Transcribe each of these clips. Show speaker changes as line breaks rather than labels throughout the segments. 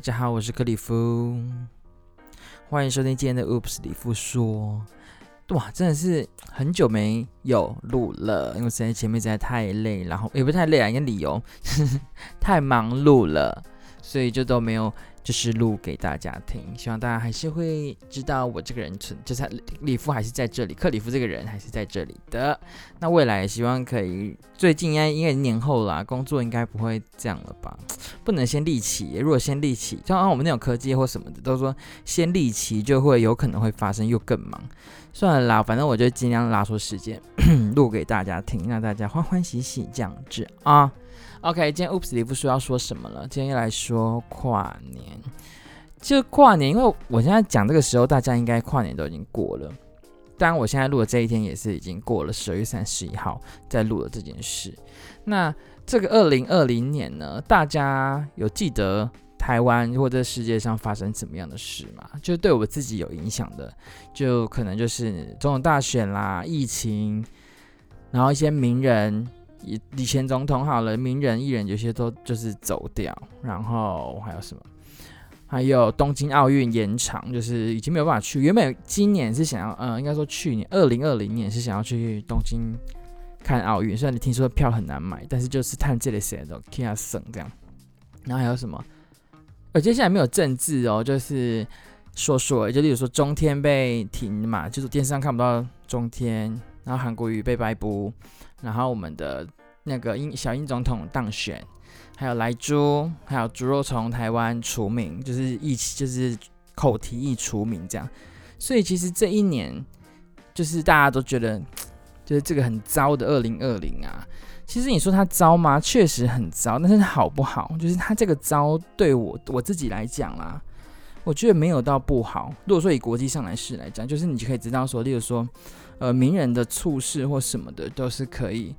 大家好，我是克里夫，歡迎收聽今天的 Oops，里夫說。哇，真的是很久沒有錄了，因為實在前面實在太累，然後也不是太累啊，應該理由，呵呵，太忙碌了，所以就都沒有。就是錄給大家聽，希望大家還是會知道我這個人存，就是里夫還是在這裡，克里夫這個人還是在這裡的。那未來希望可以，最近應該應該年後啦、啊，工作應該不會這樣了吧？不能先立起，如果先立起，像我們那種科技或什麼的，都說先立起就會有可能會發生又更忙。算了啦，反正我就盡量拉出時間錄 給大家聽，讓大家歡歡喜喜這樣子啊。OK，今天 Oops，里夫說要說什麼了。今天又來說跨年，就跨年，因為我現在講這個時候，大家應該跨年都已經過了。當然，我現在錄的這一天也是已經過了十二月三十一號，在錄了這件事。那這個二零二零年呢，大家有記得台灣或者世界上發生什麼樣的事嗎？就對我們自己有影響的，就可能就是總統大選啦、疫情，然後一些名人。以以前總統好了，名人藝人有些都就是走掉，然後還有什麼？還有東京奧運延長，就是已經沒有辦法去。原本今年是想要，呃，應該說去年二零二零年是想要去東京看奧運，雖然你聽說票很難買，但是就是看這類些都聽他省這樣。然後還有什麼？而接下來沒有政治哦，就是說說，就例如說中天被停嘛，就是電視上看不到中天，然後韓國瑜被逮捕。然後我們的那個英小英總統當選，還有萊豬，還有豬肉從台灣除名，就是一起就是口蹄疫除名這樣。所以其實這一年就是大家都覺得就是這個很糟的二零二零啊。其實你說它糟嗎？確實很糟，但是好不好？就是他這個糟對我我自己來講啦，啊，我覺得沒有到不好。如果說以國際上來試來講，就是你就可以知道說，例如說。呃，名人的處事或什麼的，都是可以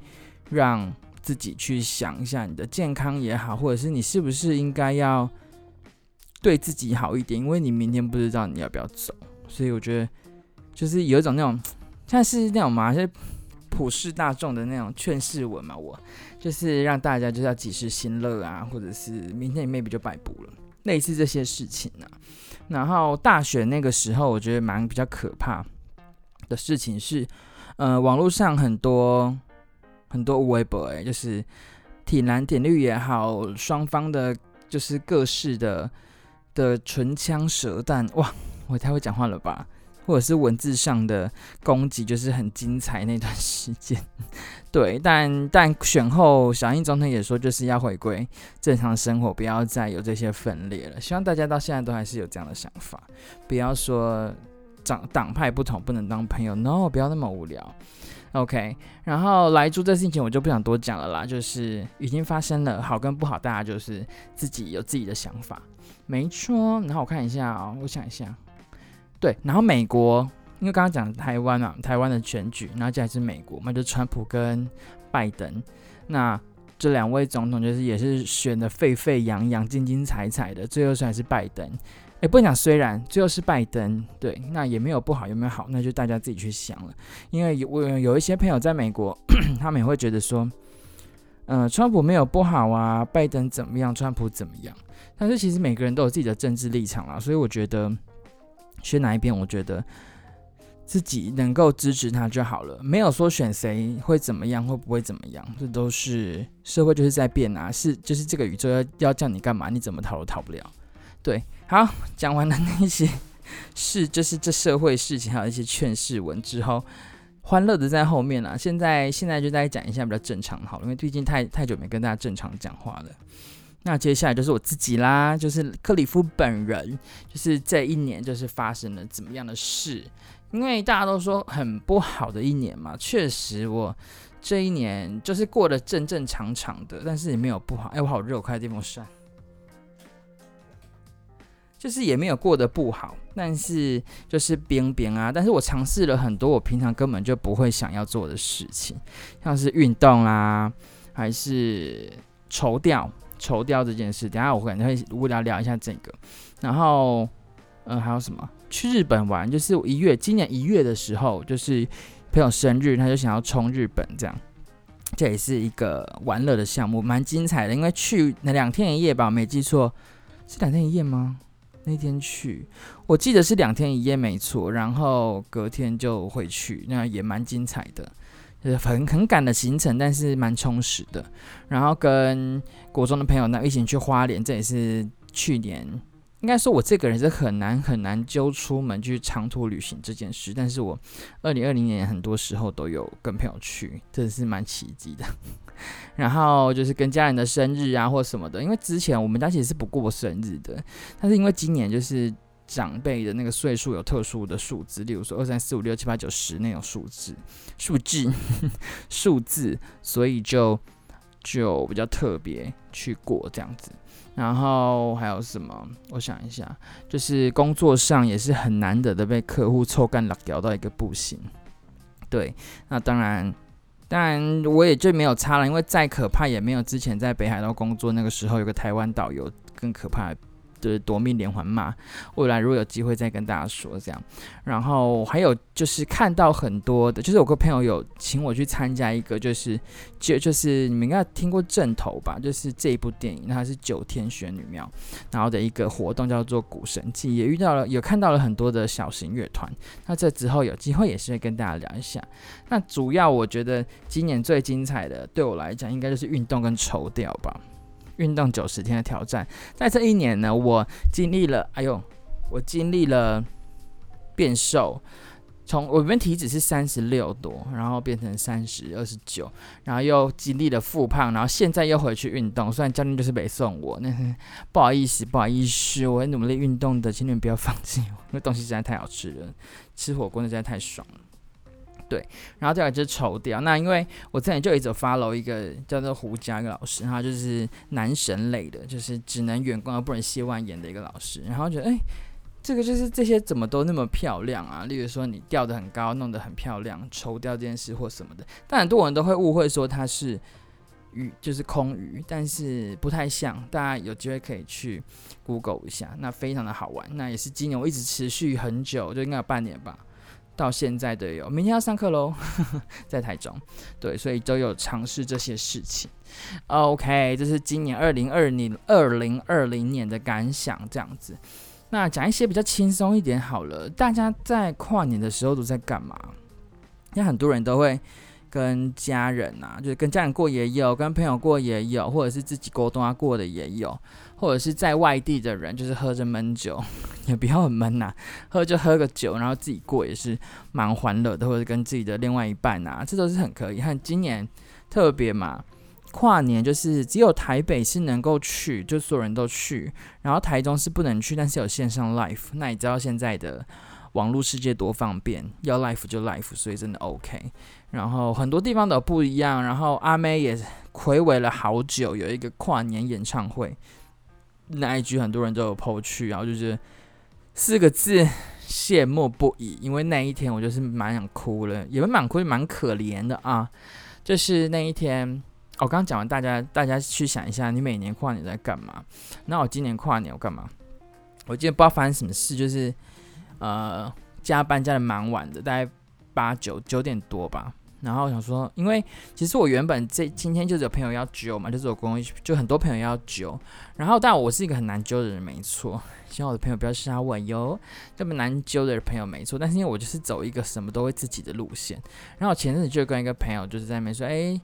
讓自己去想一下，你的健康也好，或者是你是不是應該要對自己好一點，因為你明天不知道你要不要走，所以我覺得就是有一種那種，像是那種嘛，就普世大眾的那種勸世文嘛，我就是讓大家就是要及時行樂啊，或者是明天你 maybe 就掰逋了，類似這些事情啊。然後大選那個時候，我覺得蠻比較可怕，的事情是，呃，網絡上很多很多微博，就是體藍點綠也好，雙方的，就是各式的的唇槍舌戰。哇，我太會講話了吧？或者是文字上的攻擊，就是很精彩那段時間。對，但但選後，小英總統也說，就是要回歸正常生活，不要再有這些分裂了。希望大家到現在都還是有這樣的想法，不要說。黨黨派不同不能當朋友，no，不要那麼無聊。OK，然後萊豬這事情我就不想多講了啦，就是已經發生了，好跟不好大家就是自己有自己的想法，沒錯。然後我看一下啊，我想一下，對，然後美國，因為剛剛講台灣啊，台灣的選舉，然後接下來是美國，那就川普跟拜登，那這兩位總統就是也是選的沸沸揚揚、精精彩彩的，最後選還是拜登。誒、欸、不講。雖然最後是拜登，對，那也沒有不好，有沒有好？那就大家自己去想了。因為有我有一些朋友在美國， 他們也會覺得說，嗯、呃，川普沒有不好啊，拜登怎麼樣，川普怎麼樣？但是其實每個人都有自己的政治立場啦。所以我覺得選哪一邊，我覺得自己能夠支持他就好了，沒有說選誰會怎麼樣，會不會怎麼樣？這都是社會就是在變啊，是就是這個宇宙要要叫你幹嘛，你怎麼逃都逃不了。對，好，講完了那些事，就是這社會事情，還有一些勸世文之後，歡樂的在後面了、啊。現在現在就大家講一下比較正常好了，因為畢竟太太久沒跟大家正常講話了。那接下來就是我自己啦，就是克里夫本人，就是這一年就是發生了怎麼樣的事？因為大家都說很不好的一年嘛，確實我這一年就是過得正正常常的，但是也沒有不好。哎，我好熱，開電風扇。就是也沒有過得不好，但是就是冰冰啊，但是我嘗試了很多我平常根本就不會想要做的事情，像是運動啊，還是垂釣、垂釣這件事，等下我可能會會無聊聊一下這個。然後，呃，還有什麼？去日本玩，就是一月，今年一月的時候，就是朋友生日，他就想要衝日本這，這樣，這也是一個玩樂的項目，蠻精彩的。因為去那兩天一夜吧，沒記錯是兩天一夜嗎？那天去，我記得是兩天一夜，沒錯。然後隔天就回去，那也蠻精彩的，就是、很很趕的行程，但是蠻充實的。然後跟國中的朋友，呢，一起去花蓮，這也是去年。應該說，我這個人是很難很難揪出門去長途旅行這件事。但是我二零二零年很多時候都有跟朋友去，真的是蠻奇蹟的。 然後就是跟家人的生日啊，或者什麼的，因為之前我們家其實是不過生日的，但是因為今年就是長輩的那個歲數有特殊的數字，例如說二三四五六七八九十那種數字，數字數字，數字，所以就。就比較特別去過這樣子，然後還有什麼？我想一下，就是工作上也是很難得的被客戶臭幹了，咬到一個不行。對，那當然，當然我也就沒有差了，因為再可怕也沒有之前在北海道工作那個時候有個台灣導遊更可怕。就是奪命連環嘛，未來如果有機會再跟大家說這樣。然後還有就是看到很多的，就是我個朋友有請我去參加一個，就是就就是你們應該聽過《陣頭》吧，就是這一部電影，它是九天玄女廟，然後的一個活動叫做《古神祭》，也遇到了，有看到了很多的小型樂團。那這之後有機會也是會跟大家聊一下。那主要我覺得今年最精彩的，對我來講應該就是運動跟綢調吧。運動九十天的挑戰，在這一年呢，我經歷了，哎呦，我經歷了變瘦，從我原體脂是三十六多，然後變成三十二十九，然後又經歷了復胖，然後現在又回去運動。雖然教練就是沒送我，那不好意思，不好意思，我會努力運動的，請你們不要放棄我，那東西實在太好吃了，吃火鍋那實在太爽了。對，然後再來就是抽掉。那因為我之前就一直 follow 一個叫做胡佳一個老師，他就是男神類的，就是只能遠觀而不能褻玩焉的一個老師。然後覺得，哎，這個就是這些怎麼都那麼漂亮啊？例如說你吊得很高，弄得很漂亮，抽掉這件事或什麼的，但很多人都會誤會說它是魚，就是空魚，但是不太像。大家有機會可以去 Google 一下，那非常的好玩。那也是今年我一直持續很久，就應該有半年吧。到現在都有，明天要上課嘍，呵呵，在台中，對，所以都有嘗試這些事情。OK，這是今年二零二零二零二零年的感想，這樣子。那講一些比較輕鬆一點好了，大家在跨年的時候都在幹嘛？因為很多人都會跟家人吶、啊，就是跟家人過也有，跟朋友過也有，或者是自己孤單啊，過的也有。或者是在外地的人，就是喝着悶酒，也比較悶吶。喝就喝個酒，然後自己過也是蠻歡樂的。或者跟自己的另外一半吶、啊，這都是很可以。看今年特別嘛，跨年就是只有台北是能夠去，就所有人都去。然後台中是不能去，但是有線上 live。那你知道現在的網絡世界多方便，要 live 就 live。所以真的 OK。然後很多地方都不一樣。然後阿妹也睽違了好久，有一個跨年演唱會。那一局很多人都有拋去、啊，然後就是四個字羨慕不已。因為那一天我就是蠻想哭了，也會蠻哭，蠻可憐的啊。就是那一天，我剛剛講完，大家大家去想一下，你每年跨年在幹嘛？那我今年跨年我幹嘛？我記得不知道發生什麼事，就是呃加班加的蠻晚的，大概八九九點多吧。然後我想說，因為其實我原本這今天就是有朋友要揪嘛，就是我公就很多朋友要揪。然後，但我是一個很難揪的人，沒錯。希望我的朋友不要瞎問喲，這麼難揪的朋友，沒錯。但是因為我就是走一個什麼都會自己的路線。然後前陣子就跟一個朋友就是在那邊說，哎，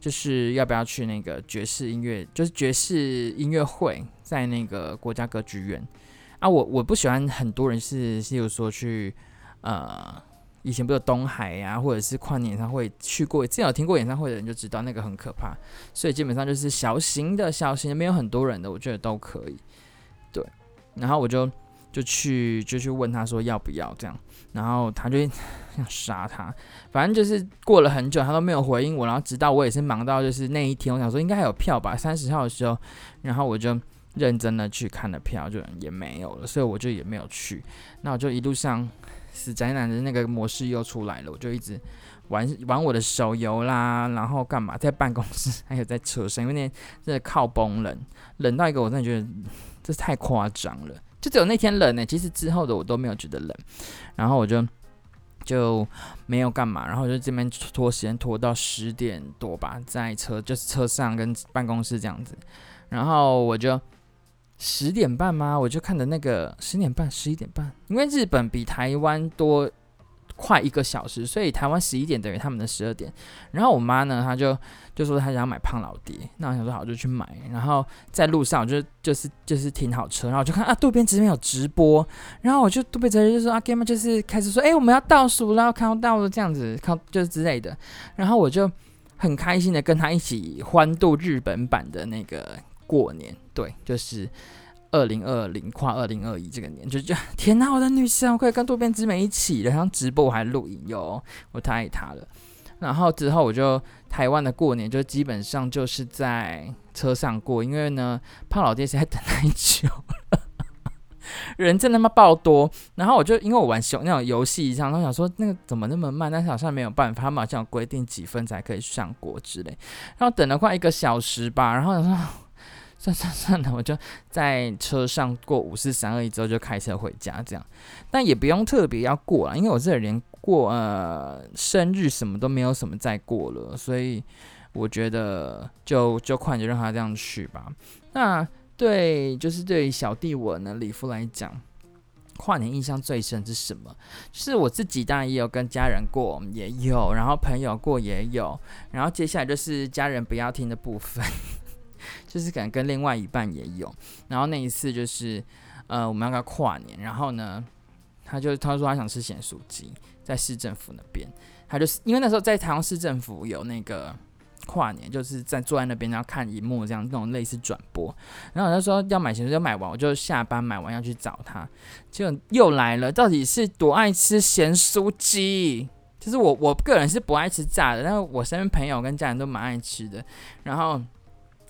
就是要不要去那個爵士音樂，就是爵士音樂會，在那個國家歌劇院啊，我我我不喜歡很多人是是有說去，呃。以前不是有東海呀、啊，或者是跨年演唱會去過，之前有聽過演唱會的人就知道那個很可怕，所以基本上就是小型的、小型的，沒有很多人的，我覺得都可以。對，然後我就就去就去問他說要不要這樣，然後他就想殺他，反正就是過了很久他都沒有回應我，然後直到我也是忙到就是那一天，我想說應該還有票吧，三十號的時候，然後我就認真的去看了票，就也沒有了，所以我就也沒有去。那我就一路上。死宅男的那個模式，又出來了，我就一直玩玩我的手遊啦，然後乾嘛，在辦公室還有在車上，因為那天真的靠崩冷冷到一個我真的覺得這太誇張了，就只有那天冷呢、欸。其實之後的我都沒有覺得冷，然後我就就沒有乾嘛，然後我就這邊拖時間拖到十點多吧，在車就是車上跟辦公室這樣子，然後我就。十點半嗎？我就看的那個十點半、十一點半，因為日本比台灣多快一個小時，所以台灣十一點等於他們的十二點。然後我媽呢，她就就說她想要買胖老爹，那我想說好，我就去買。然後在路上，我就就是就是停好車，然後我就看啊，渡邊直美有直播，然後我就渡邊直美就說啊，Game 就是開始說，哎、欸，我們要倒數，然後看到倒這樣子，看就是之類的。然後我就很開心的跟她一起歡度日本版的那個過年對，就是二零二零跨二零二一這個年，就就天哪，我的女神，我可以跟渡邊直美一起了，然後直播還錄影喲，我太愛她了。然後之後我就台灣的過年就基本上就是在車上過，因為呢，胖老爹實在等太久，人真他媽爆多。然後我就因為我玩那種遊戲一樣，然後想說那個怎麼那麼慢，但是好像沒有辦法，他們好像有規定幾分才可以上國之類。然後等了快一個小時吧，然後想說，算算算了，我就在車上過五四三二一，之後就開車回家這樣，但也不用特別要過了，因為我這裡連過呃生日什麼都沒有什麼再過了，所以我覺得就就快就讓他這樣去吧。那對就是對於小弟我呢里夫來講，跨年印象最深是什麼？就是我自己當然也有跟家人過也有，然後朋友過也有，然後接下來就是家人不要聽的部分。就是可能跟另外一半也有。然後那一次就是，呃，我們要不要跨年？然後呢，他就他就說他想吃鹹酥雞，在市政府那邊，他就是因為那時候在台灣市政府有那個跨年，就是在坐在那邊然後看熒幕這樣，那種類似轉播，然後他說要買鹹酥，就買完我就下班買完要去找他，就又來了，到底是多愛吃鹹酥雞？就是我我個人是不愛吃炸的，但是我身邊朋友跟家人都蠻愛吃的，然後。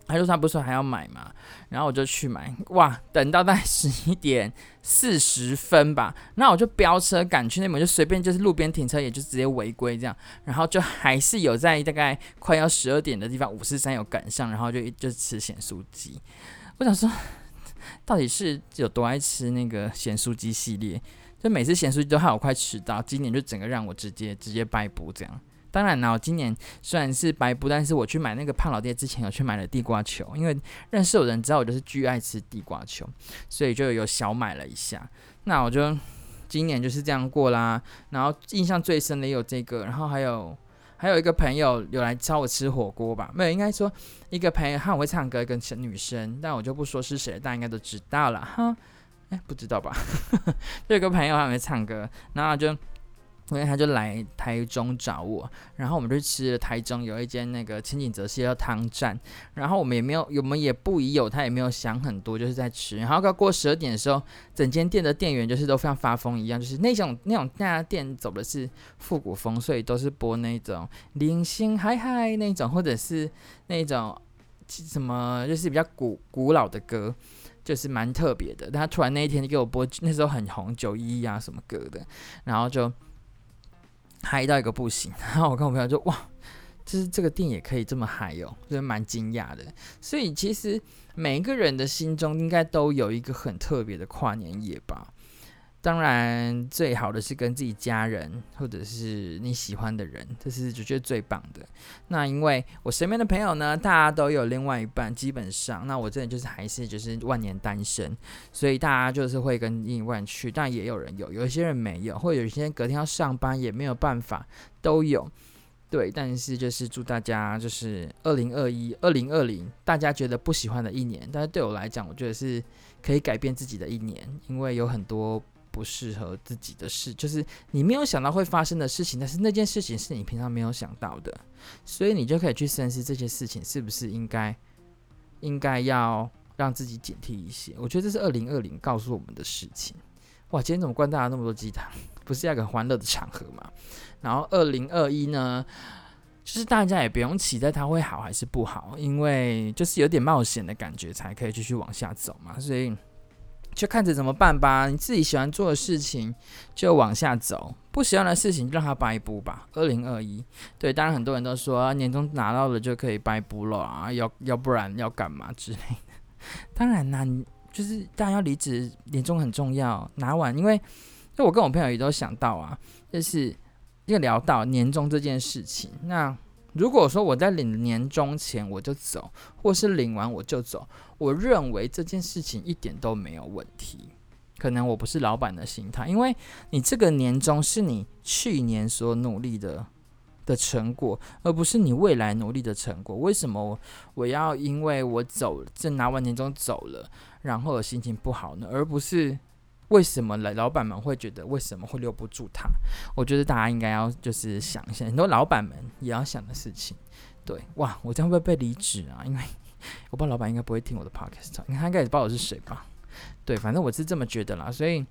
他說他不是說還要買嘛，然後我就去買哇，等到大概十一點四十分吧，那我就飆車趕去那邊，就隨便就是路邊停車，也就直接違規這樣，然後就還是有在大概快要十二點的地方五四三有趕上，然後就一就吃鹹酥雞。我想說，到底是有多愛吃那個鹹酥雞系列，就每次鹹酥雞都害我快遲到，今年就整個讓我直接直接掰逋這樣。當然我今年雖然是白布，但是我去買那個胖老爹之前，有去買了地瓜球，因為認識我的人知道我就是巨愛吃地瓜球，所以就有小買了一下。那我就今年就是這樣過啦。然後印象最深的也有這個，然後還有還有一個朋友有來找我吃火鍋吧？沒有，應該說一個朋友他很會唱歌，跟女生，但我就不說是誰，但應該都知道了哈。哎，不知道吧？這 個朋友很會唱歌，然後就。因為他就來台中找我，然後我們就吃了台中有一間那個千景澤是要湯站，然後我們也沒有，我們也不以有，他也沒有想很多，就是在吃。然後剛過十二點的時候，整間店的店員就是都像發瘋一樣，就是那種那種那家店走的是復古風，所以都是播那種零星嗨嗨那種，或者是那種什麼就是比較古古老的歌，就是蠻特別的。但他突然那一天就給我播那時候很紅九一啊什麼歌的，然後就。嗨到一個不行，然後我跟我朋友說：“哇，就是這個店也可以這麼嗨哦，就蠻驚訝的。”所以其實每一個人的心中應該都有一個很特別的跨年夜吧。當然，最好的是跟自己家人，或者是你喜歡的人，這是我覺得最棒的。那因為我身邊的朋友呢，大家都有另外一半，基本上，那我這裡就是還是就是萬年單身，所以大家就是會跟另一半去，但也有人有，有一些人沒有，或者有一些人隔天要上班也沒有辦法，都有。對，但是就是祝大家，就是二零二一、二零二零，大家覺得不喜歡的一年，但是對我來講，我覺得是可以改變自己的一年，因為有很多。不適合自己的事，就是你沒有想到會發生的事情，但是那件事情是你平常沒有想到的，所以你就可以去深思這些事情是不是應該應該要讓自己警惕一些。我覺得這是二零二零告訴我們的事情。哇，今天怎麼灌大家那麼多雞湯？不是要個歡樂的場合嘛？然後二零二一呢，就是大家也不用期待它會好還是不好，因為就是有點冒險的感覺才可以繼續往下走嘛，所以。就看着怎麼辦吧，你自己喜歡做的事情就往下走，不喜歡的事情就讓它掰掰吧。二零二一，對，當然很多人都說年終拿到了就可以掰掰了啊，要要不然要幹嘛之類的。當然啦、啊，就是當然要離職，年終很重要，拿完。因為就我跟我朋友也都想到啊，就是又聊到年終這件事情，那。如果說我在領年終前我就走，或是領完我就走，我認為這件事情一點都沒有問題。可能我不是老闆的心態，因為你這個年終是你去年所努力的的成果，而不是你未來努力的成果。為什麼我我要因為我走，就拿完年終走了，然後我心情不好呢？而不是。為什麼老闆們會覺得為什麼會留不住他？我覺得大家應該要就是想一下，很多老闆們也要想的事情。對，哇，我這樣會不會離職啊？因為我不知道老闆應該不會聽我的 podcast，因為他應該也不知道我是誰吧？對，反正我是這麼覺得啦，所以。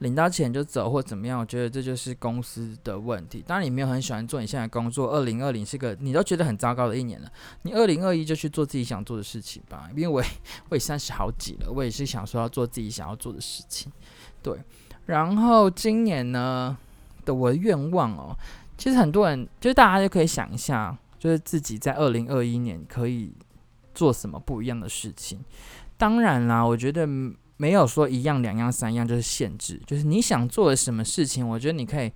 領到錢就走或怎麼樣？我覺得這就是公司的問題。當然你沒有很喜歡做你現在的工作，二零二零是個你都覺得很糟糕的一年了，你二零二一就去做自己想做的事情吧，因為我也我也三十好幾了，我也是想說要做自己想要做的事情。對，然後今年呢的我的願望哦，其實很多人，就是大家就可以想一下，就是自己在二零二一年可以做什麼不一樣的事情。當然啦，我覺得。沒有說一樣、兩樣、三樣，就是限制，就是你想做的什麼事情，我覺得你可以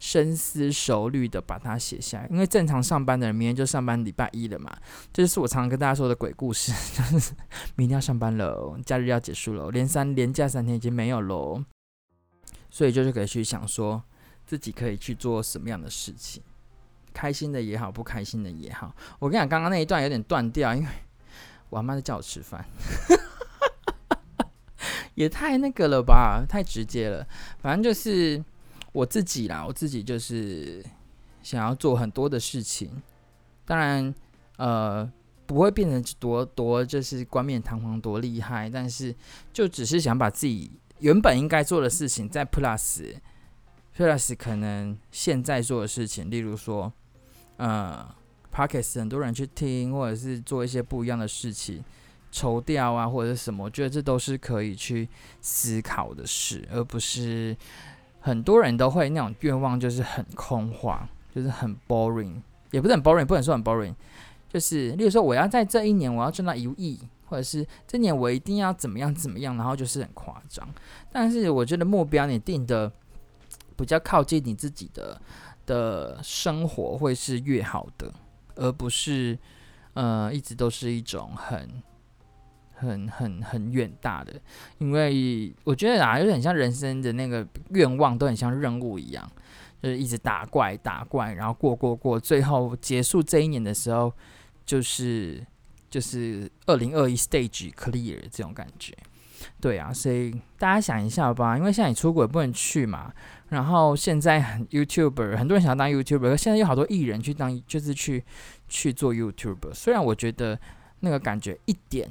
深思熟慮的把它寫下來。因為正常上班的人，明天就上班禮拜一了嘛，這就是我常常跟大家說的鬼故事，就是明天要上班嘍，假日要結束嘍，連三連假三天已經沒有嘍，所以就是可以去想說自己可以去做什麼樣的事情，開心的也好，不開心的也好。我跟你講，剛剛那一段有點斷掉，因為我媽在叫我吃飯。 也太那個了吧，太直接了。反正就是我自己啦，我自己就是想要做很多的事情。當然，呃，不會變成多多就是冠冕堂皇、多厲害，但是就只是想把自己原本應該做的事情再 plus，再 Plus，Plus 可能現在做的事情，例如說，呃，Podcast 很多人去聽，或者是做一些不一樣的事情。抽掉啊，或者是什麼，我覺得這都是可以去思考的事，而不是很多人都會那種願望，就是很空話，就是很 boring，也不是很 boring，不能說很 boring，就是，例如說，我要在這一年，我要賺到一億，或者是這年我一定要怎麼樣怎麼樣，然後就是很誇張。但是我覺得目標你定的比較靠近你自己的的生活，會是越好的，而不是，呃，一直都是一種很。很很很遠大的，因為我覺得啊，有點像人生的那個願望，都很像任務一樣，就是一直打怪打怪，然後過過過，最後結束這一年的時候，就是就是二零二一 stage clear 這種感覺。對啊，所以大家想一下吧，因為現在你出國也不能去嘛，然後現在很 youtuber，很多人想要當 youtuber，現在有好多藝人去當，就是去去做 youtuber。雖然我覺得那個感覺一點。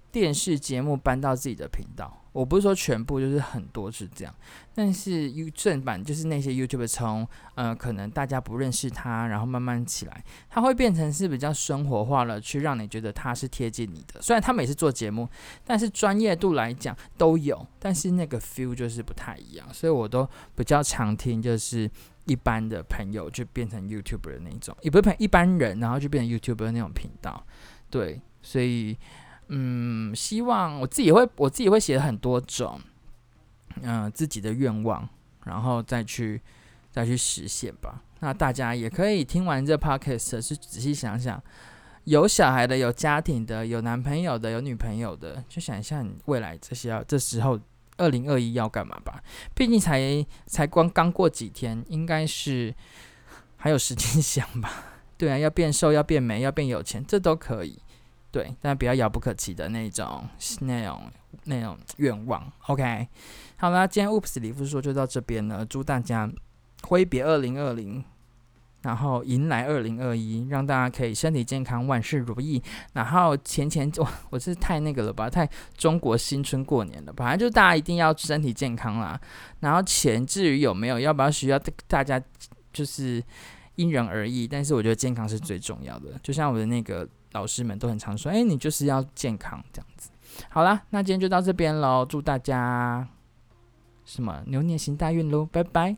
電視節目搬到自己的頻道，我不是說全部，就是很多是這樣。但是 U 正版就是那些 YouTuber 從，呃可能大家不認識他，然後慢慢起來，他會變成是比較生活化了，去讓你覺得他是貼近你的。雖然他每次做節目，但是專業度來講都有，但是那個 feel 就是不太一樣。所以我都比較常聽，就是一般的朋友就變成 YouTuber 的那種，也不是一一般人，然後就變成 YouTuber 的那種頻道，對，所以。嗯，希望我自己會我自己會寫很多種，嗯、呃，自己的願望，然後再去再去實現吧。那大家也可以聽完這 podcast 仔細想想，有小孩的、有家庭的、有男朋友的、有女朋友的，就想一下你未來這些要這時候二零二一要幹嘛吧。畢竟才才剛剛過幾天，應該是還有時間想吧。對啊，要變瘦、要變美、要變有錢，這都可以。對，但比較遙不可及的那種、那種、那種願望。OK，好啦，今天 Oops 里夫說就到這邊了。祝大家揮別二零二零，然後迎來二零二一，讓大家可以身體健康，萬事如意。然後錢錢，我我是太那個了吧？太中國新春過年了吧，反正就大家一定要身體健康啦。然後錢，至於有沒有要不要需要，大家就是因人而異。但是我覺得健康是最重要的，就像我的那個。老師們都很常說：“哎、欸，你就是要健康這樣子。”好啦，那今天就到這邊咯，祝大家什麼牛年行大運咯，拜拜。